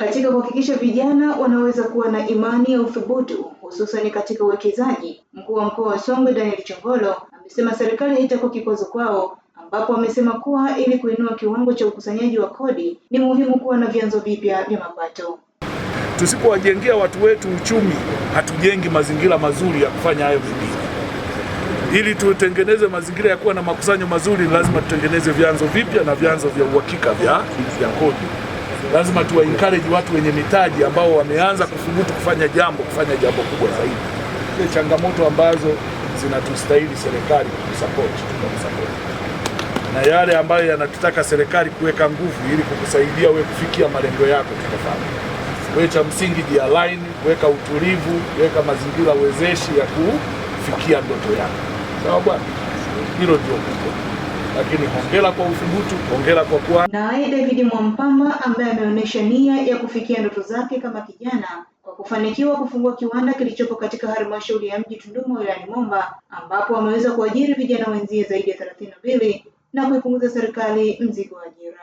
Katika kuhakikisha vijana wanaweza kuwa na imani ya uthubutu hususan katika uwekezaji, mkuu wa mkoa wa Songwe Daniel Chongolo amesema serikali haitakuwa kikwazo kwao, ambapo amesema kuwa ili kuinua kiwango cha ukusanyaji wa kodi ni muhimu kuwa na vyanzo vipya vya mapato. Tusipowajengea watu wetu uchumi, hatujengi mazingira mazuri ya kufanya hayo mengine. Ili tutengeneze mazingira ya kuwa na makusanyo mazuri, lazima tutengeneze vyanzo vipya na vyanzo vya uhakika vya kodi lazima tuwa encourage watu wenye mitaji ambao wameanza kuthubutu kufanya jambo kufanya jambo kubwa zaidi. Ile changamoto ambazo zinatustahili serikali kutusapoti, tutamsapoti, na yale ambayo yanatutaka serikali kuweka nguvu ili kukusaidia wewe kufikia malengo yako tutafanya. Wewe cha msingi align, weka utulivu, weka mazingira wezeshi ya kufikia ndoto yako. Sawa bwana, hilo ndio kubwa lakini hongera kwa uthubutu, hongera kwa kuwa. Naye David Mwampamba ambaye ameonyesha nia ya kufikia ndoto zake kama kijana kwa kufanikiwa kufungua kiwanda kilichopo katika halmashauri ya mji Tunduma wilayani Momba, ambapo ameweza kuajiri vijana wenzie zaidi ya thelathini na mbili na kuipunguza serikali mzigo wa ajira.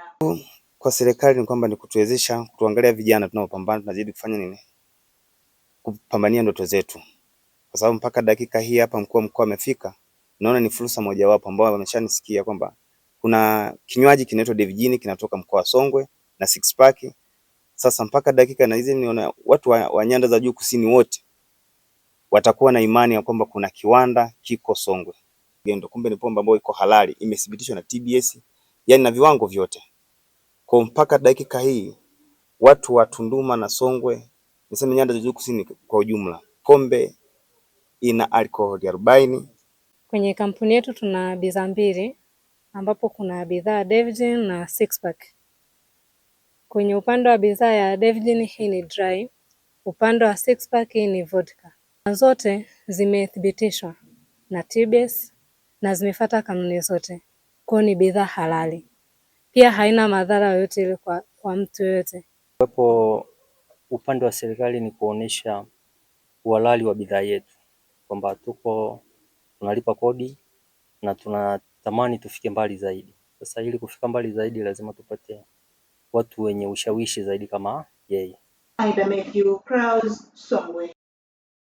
Kwa serikali ni kwamba ni kutuwezesha kutuangalia vijana tunaopambana, tunazidi kufanya nini, kupambania ndoto zetu, kwa sababu mpaka dakika hii hapa mkuu wa mkoa amefika naona ni fursa mojawapo ambao wameshanisikia kwamba kuna kinywaji kinaitwa Devijini kinatoka mkoa wa Songwe na six pack. Sasa mpaka dakika na hizi niona watu wa, wa nyanda za juu kusini wote watakuwa na imani ya kwamba kuna kiwanda kiko Songwe Gendo, kumbe ni pombe ambayo iko halali, imethibitishwa na TBS, yani na viwango vyote. Kwa mpaka dakika hii watu wa Tunduma na Songwe, niseme nyanda za juu kusini kwa ujumla, pombe ina alkoholi arobaini Kwenye kampuni yetu tuna bidhaa mbili ambapo kuna bidhaa Devgen na Sixpack. Kwenye upande wa bidhaa ya Devgen hii ni dry, upande wa Sixpack hii ni vodka. Na zote zimethibitishwa na TBS na zimefuata kanuni zote, kwa ni bidhaa halali, pia haina madhara yoyote ile kwa, kwa mtu yoyote. Kuwepo upande wa serikali ni kuonesha uhalali wa bidhaa yetu kwamba tuko tunalipa kodi na tunatamani tufike mbali zaidi. Sasa ili kufika mbali zaidi, lazima tupate watu wenye ushawishi zaidi kama yeye.